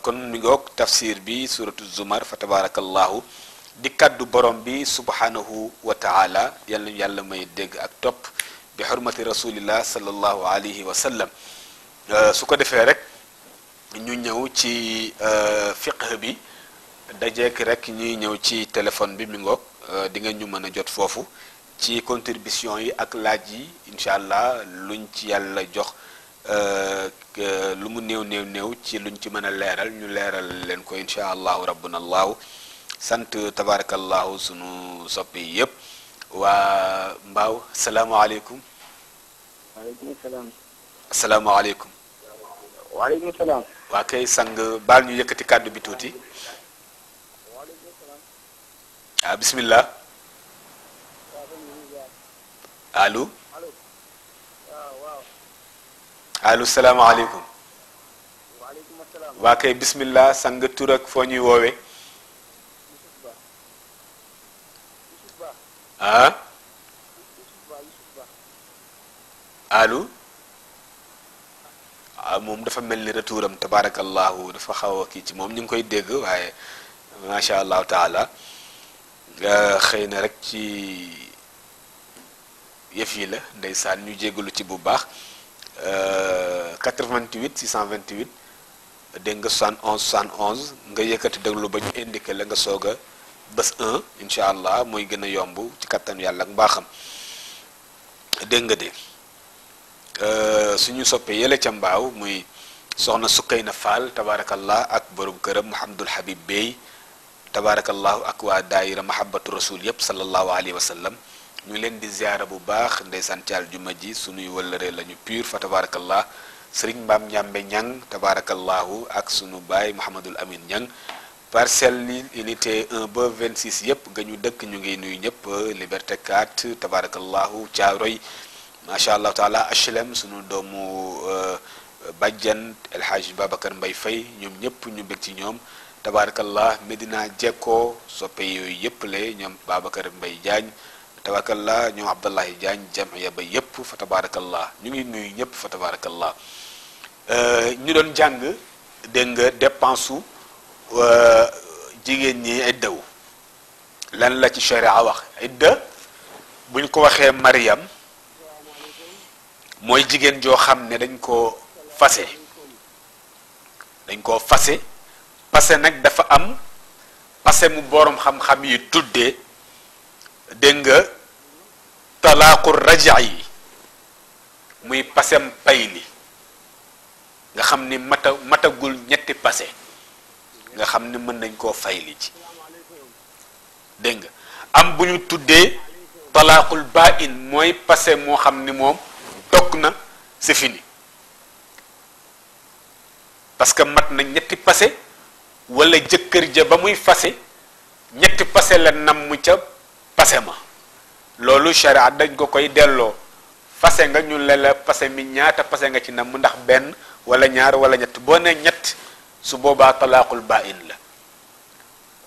كن min تفسير بي سورة الزمر فتبارك الله di kaddu borom bi subhanahu wa taala yàlla yàlla may deg ak top bi hurmati rasulillah sallallahu alayhi wa sallam su ko defé rek ñu ñëw ci fiqh bi dajek rek ñuy ñëw ci téléphone bi mi ngok di nga ñu mëna jot fofu ci contribution yi ak laaj yi inshallah luñ ci yàlla jox euh lu mu néew néew néew ci luñ ci mëna léral ñu léral leen ko inshallah rabbuna allah sant tabarakallahu sunu soppi yëpp waa mbaaw salaamaaleykum waaleykum salaam asalaamaaleykum waaleykum salaam waa kay sang baal ñu yëkkati kàddu bi tuuti ah bismillah allo allo ah, salaamaaleykum waa kay bismillah sang tur ak foo ñuy woowee ah allo ah moom dafa mel ni retouram tabarakallahu dafa xaw a kii ci moom ñu ngi koy dégg waaye macha allahu taala euh, xëy na rek ci yëf yi la ndeysaan ñu jéggalu ci bu baax 88 euh, 628 dégg nga 71 71 nga yëkkati déglu ba ñu indiqué la nga soog a bés 1 incha allah mooy gën a yomb ci kattanu yàlla ak mbaaxam dégg nga de euh, suñu soppee yële ca mbaaw muy soxna Sukayna Fall tabaarakallah ak borom këram Mouhamadul Habib Bey tabaarakallahu ak waa daayira mahabatu rasul yëpp sallallahu alayhi wa sallam ñu leen di ziara bu baax ndeysaan caal juma ji suñuy wëllëree la ñu pur fa tabaarakallah sëriñ mbaam ñambe ñang tabaarakallahu ak sunu baay Mouhamadul Amin ñang parcelles yi unité 1 ba 26 yëpp ga ñu dëkk ñu ngi nuyu ñëpp Liberté 4 tabarakallahu Caaroy macha allah taala HLM sunu doomu euh, bajjan El Hadj Babacar Mbay Fay ñoom ñëpp ñu bëgg ci ñoom tabarakallah Medina Jekko soppe yooyu yëpp le ñoom Babacar Mbay Jaañ tabarakallah ñoom Abdallahi Jaañ jamiya ba yëpp fa tabarakallah ñu ngi nuyu ñëpp fa tabarakallah euh, ñu doon jàng dégg nga dépense jigéen ñi idda wu lan la ci sharia wax idda buñ ko waxee mariyam mooy jigéen joo xam ne dañ koo fase dañ koo fase pase nag dafa am pase mu boroom xam-xam yi tuddee dégg nga talaaqu raja yi muy pasem pay li nga xam ni mata matagul ñetti pase nga xam ne mën nañ koo fay li ci dégg nga am bu ñu tuddee talaaqul ba in mooy passé moo xam ni moom toog na c'est fini parce que mat na ñetti passé wala jëkkër ja ba muy fase ñetti pase la nam ca pase ma loolu sharia dañ ko koy delloo passé nga ñu la la passé mi ñaata passé nga ci nam mu ndax benn wala ñaar wala ñett boo ne ñett su boobaa talaaqul baain la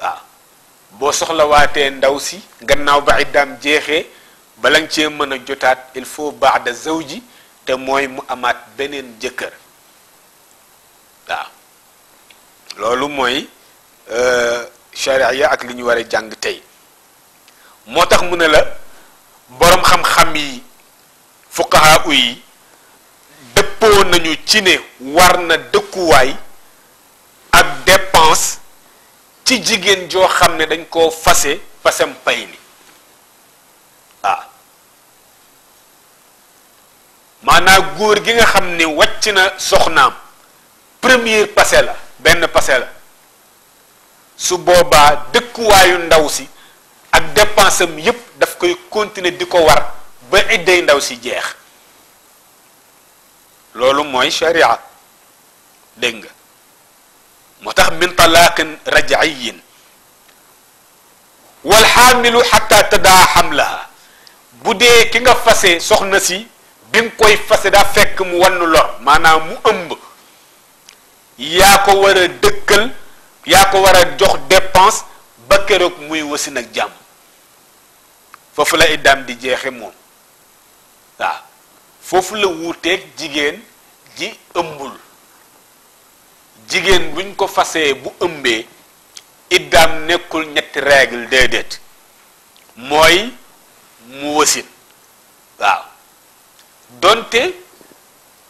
waaw boo soxlawaatee ndaw si gannaaw ba iddaam jeexee bala nga cee mën a jotaat il faut baada zawji te mooy mu amaat beneen jëkkër waaw loolu mooy charia euh, ak li ñu war jàng tey moo tax mu ne la boroom xam-xam yi fuqahaa yi dëppoo nañu ci ne war na dëkkuwaay ak dépense ci jigéen joo xam ne dañ koo fase fasam pay ni waaw maanaa góor gi nga xam ni wàcc na soxnaam premier pase la benn pase la su boobaa dëkkuwaayu ndaw si ak dépensam yëpp daf koy continuer di ko war ba idday ndaw si jeex loolu mooy sharia dégg nga moo tax min talaaqin rajaiyin wal xaamilu xatta la xamlaha bu dee ki nga fase soxna si bi nga koy fase daa fekk mu wann lor maanaam mu ëmb yaa ko war dëkkal yaa ko war a jox dépense ba keroog muy wasin ak jàmm foofu la iddaam di jeexe moom waaw foofu la wuuteeg jigéen ji ëmbul jigéen buñ ko fasee bu ëmbee iddaam nekkul ñetti règle déedéet mooy mu wasin waaw donte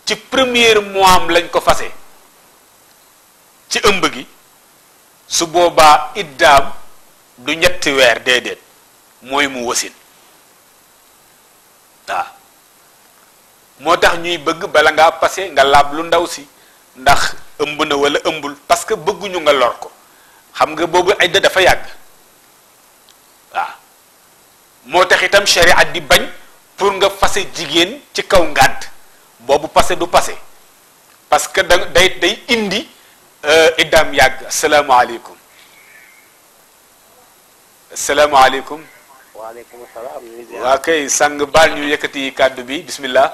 ci premier mois am lañ ko fase ci ëmb gi su boobaa iddaam du ñetti weer déedéet mooy mu wasin waaw moo tax ñuy bëgg bala ngaa pase nga laab lu ndaw si ndax ëmb na wala ëmbul parce que bëgguñu nga lor ko xam nga boobu idda dafa yàgg waaw moo tax itam sharia di bañ pour nga fase jigéen ci kaw ngànt boobu passé du pase parce que da day day indi euh, iddaam yàgg asalaamaaleykum asalaamaaleykum waaleykum salaam waa kay sàng baal ñu yëkkati kàddu bi bismillah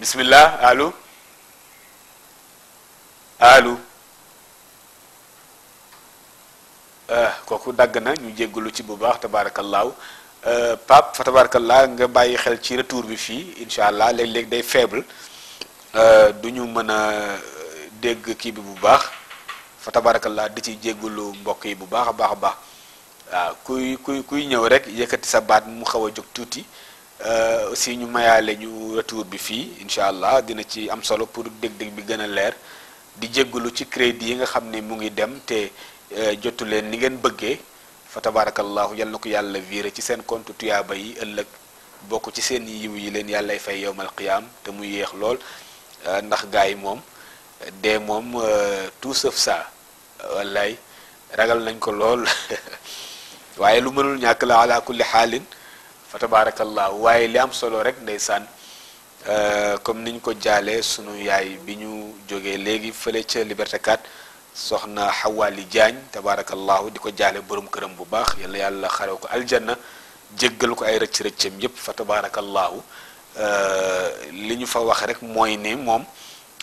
bismillah allo allo ah, kooku dagg na ñu jéggalu ci bu baax tabaarakallaahu euh, Pape fa tabaarakallaa nga bàyyi xel ci retour bi fii incha allah léeg-léeg day faible euh, du ñu mën a dégg kii bi bu baax fa tabaarakallaa di ci jéggalu mbokk yi bu baax a baax a baax waaw ah, kuy kuy kuy ñëw rek yëkkati sa baat mu xaw a jóg tuuti. Euh, aussi ñu mayaale ñu retour bi fii incha allah dina ci am solo pour dég-dég bi gën a leer di jéggulu ci crédit yi nga xam ni mu ngi dem te euh, jotu leen ni ngeen bëggee fa tabarakallahu yal na ko yàlla viré ci seen compte tuyaaba yi ëllëg bokk ci seen yiw yi leen yàllay fay yowmal qiyaam te mu yéex lool euh, ndax gars yi moom dee moom tout sauf ça wallaay ragal nañ ko lool [laughs] waaye lu mënul ñàkk la ala kulli xaalin فتبارك الله واي لي ام سولو ريك ديسان ا كوم نين كو جالي سونو ياي بي نيو جوغي ليغي فلي تي ليبرتي كات سخنا حوالي جان تبارك الله ديكو جالي بروم كرم بو باخ يالا يالا خارو كو الجنه جيغل كو اي رتش رتشم ييب فتبارك الله ا لي نيو فا واخ ريك موي ني موم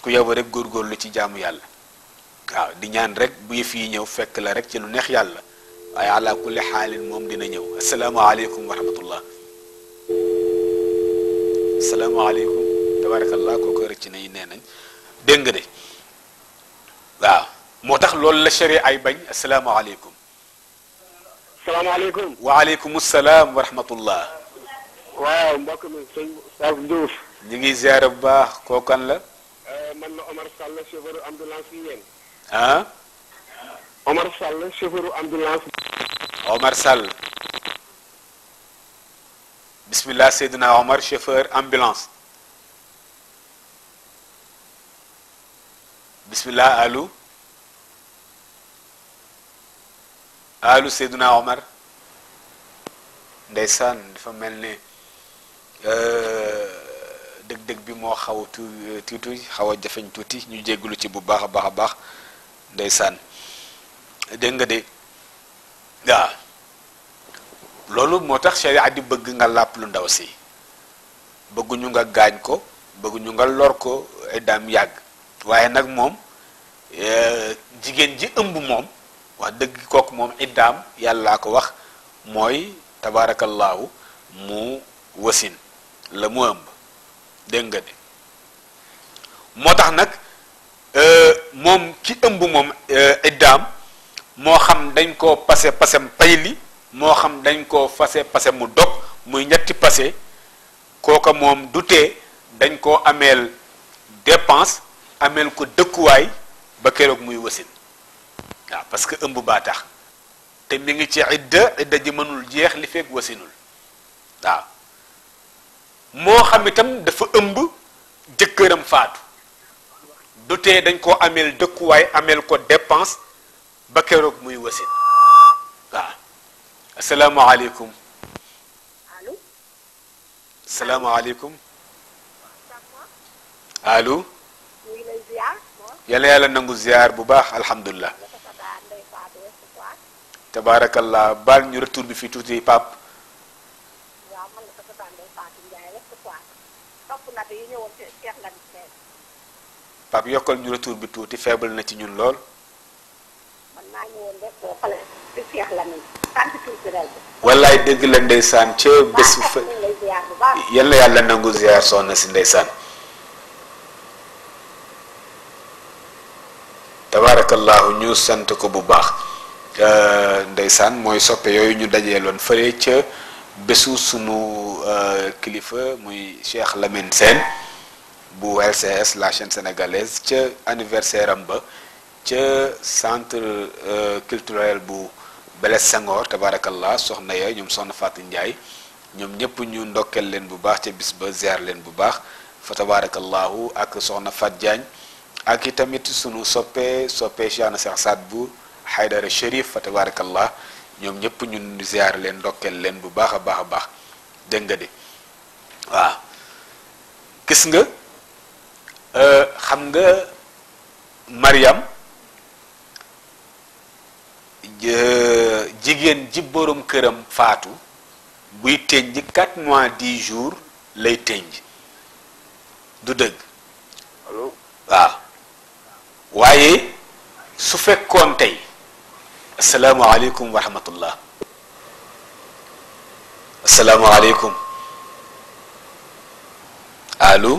كو ياو ريك غور غور تي جام يالا واو دي نيان ريك بو يفي نييو فك لا ريك تي لو نيه يالا اي على كل حال موم دينا نييو السلام عليكم ورحمه الله asalaamaaleykum tabarakallah kooku rëcc nañu nee nañ dégg nga de waaw moo tax loolu la sharia ay bañ asalaamaaleykum. salaamaaleykum. waaleykum salaam wa rahmatullah. waaw mbokk mi sëñ Oustaz Diouf. ñu ngi ziare bu baax kookan la. man la Omar Sall chauffeur ambulance yi ngeen. ah. Omar Sall chauffeur ambulance. Omar Sall. بسم الله سيدنا عمر شفر امبولانس بسم الله الو الو سيدنا عمر ديسان دا ملني ا دك دك بي مو خاو توتو خاو جافن توتي ني جيغلو تي بو باخ باخ باخ ديسان دنگ دي دا loolu moo tax sharia di bëgg nga làpp lu ndaw si bëgguñu nga gaañ ko bëgguñu nga lor ko ay yàgg waaye nag moom eh, jigéen ji ëmb moom wax dëgg kook moom iddaam yàllaa ko wax mooy tabaarakallaahu mu wasin la mu ëmb dégg nga moo tax nag eh, moom ki ëmb moom eh, iddaam moo xam dañ ko pase pasem payli moo xam dañ koo fase pase mu dog muy ñetti pase kooka moom du dañ koo ameel dépense ameel ko dëkkuwaay ba keroog muy wasin waaw parce que ëmb baa tax te mi ngi ci idda idda ji mënul jeex li fekk wasinul waaw moo xam itam dafa ëmb jëkkëram faatu du dañ koo ameel dëkkuwaay ameel ko dépense ba keroog muy wasin السلام عليكم الو السلام عليكم الو يلا يلا نغو زيار بو الحمد لله تبارك الله بار ني رتور بي في توتي باب باب يوكل ني رتور بي توتي فيبل نتي نون لول centre culturel bi. wallaay dëgg la ndeysaan ca bés. fa yal na yàlla nangu ziar soxna si ndeysaan. tabaarakallaahu ñu sant ko bu baax euh, ndeysaan mooy soppe yooyu ñu dajeeloon fële ca bésu sunu euh, kilifa muy Cheikh Lamine bu LCS la chaîne sénégalaise ca anniversaire ba ca centre euh, culturel bu. bele Senghor tabarakallah soxna ya ñoom soxna Fatou Ndiaye ñoom ñëpp ñu ndokkeel leen bu baax ca bis ba ziar leen bu baax fa tabarakallahu ak soxna Fat Diagne ak i tamit sunu soppe soppe Cheikhna Cheikh Saad bu Haydara Chérif fa tabarakallah ñoom ñëpp ñun ziar leen ndokkeel leen bu baax a baax a baax dégg nga de waaw gis nga euh, xam nga Mariam jigéen ji borom këram faatu buy tënj quatre mois di jours lay tënj du dëgg waaw waaye su fekkoon tey asalaamaaleykum wa rahmatullah asalaamaaleykum allo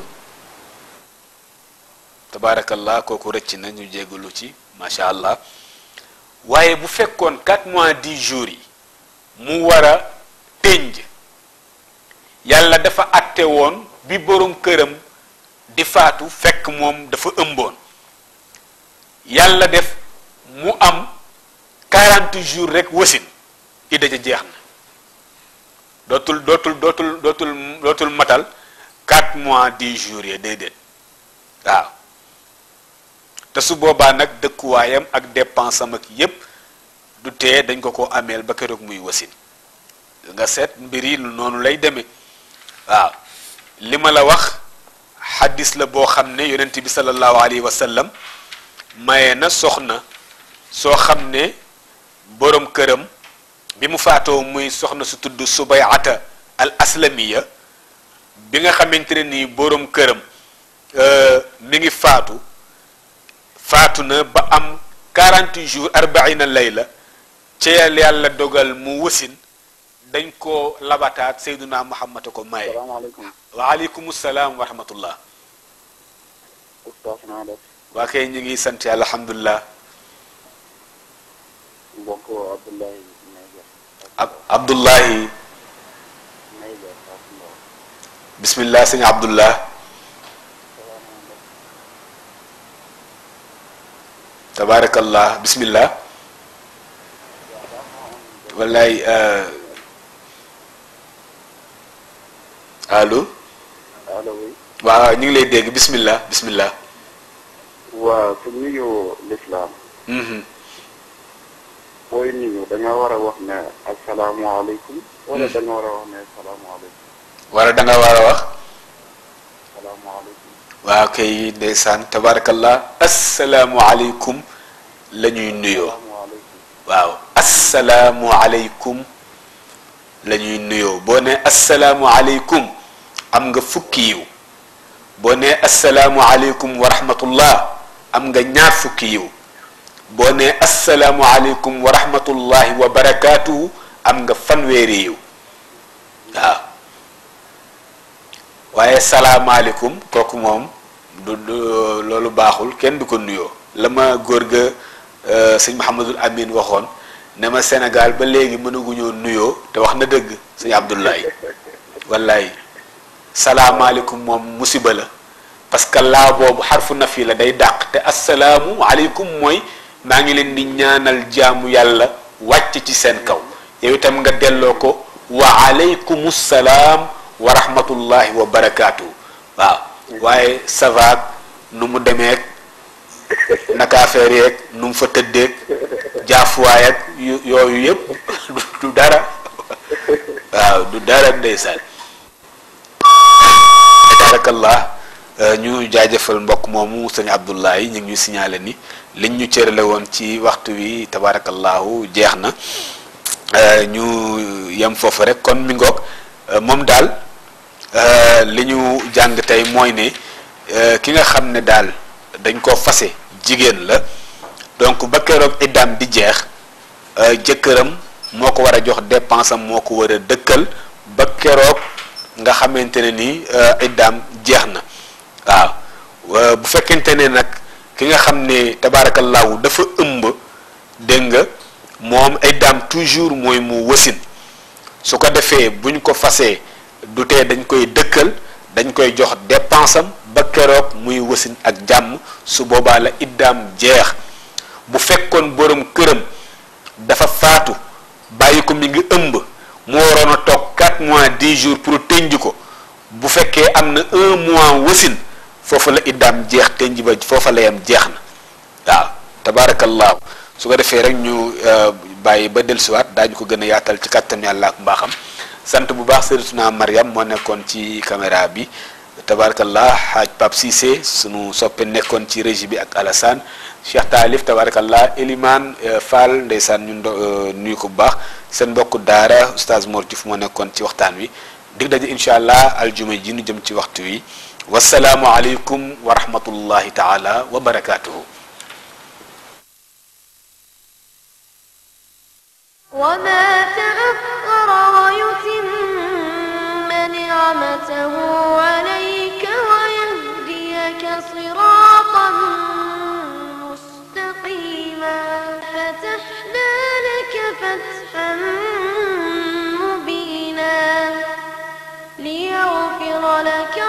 tabaarakallah kooku rëcc na ñu jégalu ci macha allah waaye bu fekkoon 4 mois di jour yi mu war a tënj yàlla dafa àtte woon bi borom këram di faatu fekk moom dafa ëmboon yàlla def mu am 40 jours rek wasin idda ja jeex na dootul dootul dootul dootul dootul matal 4 mois di jours yi déedéet waaw te su boba nak dekk wayam ak dépense am ak yépp du té dañ ko ko amel ba kërok muy wasin nga set mbir yi noonu lay démé waaw lima la wax hadith la bo xamné ne yonent bi sallallahu alayhi wa sallam maye na soxna so xamné borom kërëm bi mu faato muy soxna su tuddu subayata al aslamiyya bi nga xamanteni borom kërëm euh mi ngi faatu faatu na ba am 40 jours arbaina layla ci yàlla dogal mu wasin dañ ko labataat seyduna muhammad ko maye waaleykum salaam wa rahmatullah waa kay ñu ngi sant yàlla alhamdulilah mbokk abdullahi abdullahi bismillah sëñ abdullah tabaarakallah bismillah wallaay euh, allo. allo waaw ñu ngi lay dégg bismillah bismillah. waaw su nuyu lislaam. Mhm. booy nuyu da nga war a wax ne asalaamualeykum. wala mhm. danga war a wax ne salaamualeykum. wala da war a wax. salaamualeykum. waaw kay ndeysaan tabarakallah asalaamualeykum la ñuy nuyoo waaw asalaamualeykum la ñuy nuyoo boo ne asalaamualeykum am nga fukki yiw boo ne asalaamualeykum wa rahmatullah am nga ñaar fukki yiw boo ne asalaamualeykum wa rahmatullahi wa barakaatuhu am nga fanweeri yiw waaye salaamaaleykum kooku moom du loolu baaxul kenn du ko nuyoo la ma góor ga euh, sëñ Mouhamadul amin waxoon ne ma Sénégal ba léegi mënaguñoo nuyoo te wax na dëgg sëñ Abdoulaye wallaay salaamaaleykum moom musiba la parce que laa boobu xarfu naf la day dàq te asalaamu aleykum mooy maa ngi leen di ñaanal jaamu yàlla wàcc ci seen kaw yow itam nga delloo ko wa aleykumu wa rahmatullahi barakaatu waaw waaye savaag nu mu demeek naka affaire yeeg nu mu fa tëddeeg jaafuwaay yooyu yëpp [laughs] du dara waaw du dara ndeysaan barakallah euh, ñu jaajëfal mbokk moomu sëñ Abdoulaye ñu ngi ñu signalé ni liñ ñu cërale woon ci waxtu wi tabarakallahu jeex na euh, ñu yem foofu rek kon mi euh, moom daal Euh, li ñu jàng tey mooy ne euh, ki nga xam ne daal dañ ko fase jigéen la donc ba keroog iddaam di jeex euh, jëkkëram moo ko war a jox dépense moo ko war a dëkkal ba keroog nga xamante ne ni iddaam jeex na waaw bu fekkente ne nag ki nga xam ne tabaarakallaahu dafa ëmb dégg nga moom iddaam toujours mooy mu wasin su ko defee buñ ko fasee du tee dañ koy dëkkal dañ koy jox dépensam ba keroog muy wasin ak jàmm su boobaa la iddaam jeex bu fekkoon borom këram dafa faatu bàyyi ko mu ngi ëmb mu waroon a toog 4 mois di jours pour tënj ko bu fekkee am na un mois wasin foofu la iddaam jeex tënj ba foofa la yam jeex na waaw tabaarakallaahu su ko defee rek ñu euh, bàyyi ba dellusiwaat daañu ko gën a yaatal ci kàttan yàlla ak mbaaxam sant bu baax Seydatuna Mariam moo nekkoon ci caméra bi tabarakallah Haaj Pape Cissé sunu soppe nekkoon ci régie bi ak alasan Cheikh Taalif tabarakallah Eliman euh, Fall ndeysaan ñun euh, nuyu ko bu baax seen mbokku daara oustaz Mor Diouf moo nekkoon ci waxtaan wi dig daje incha allah aljuma ji nu jëm ci waxtu wi wasalaamu aleykum wa rahmatullahi taala wa رحمته عليك ويهديك صراطا مستقيما فتحنا لك فتحا مبينا ليغفر لك